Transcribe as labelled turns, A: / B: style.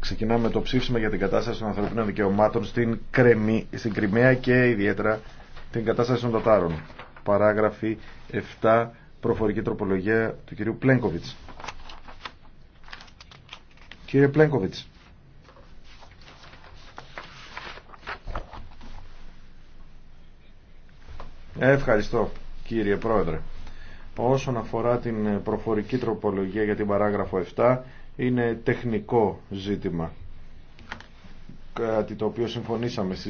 A: Ξεκινάμε το ψήφισμα για την κατάσταση των ανθρωπίνων δικαιωμάτων στην, στην Κρυμαία και ιδιαίτερα την κατάσταση των Τατάρων. Παράγραφοι προφορική τροπολογία του κυρίου Πλένκοβιτς. Κύριε Πλένκοβιτς. Ευχαριστώ κύριε Πρόεδρε. Όσον αφορά την προφορική τροπολογία για την παράγραφο 7, είναι τεχνικό ζήτημα. Κάτι το οποίο συμφωνήσαμε στις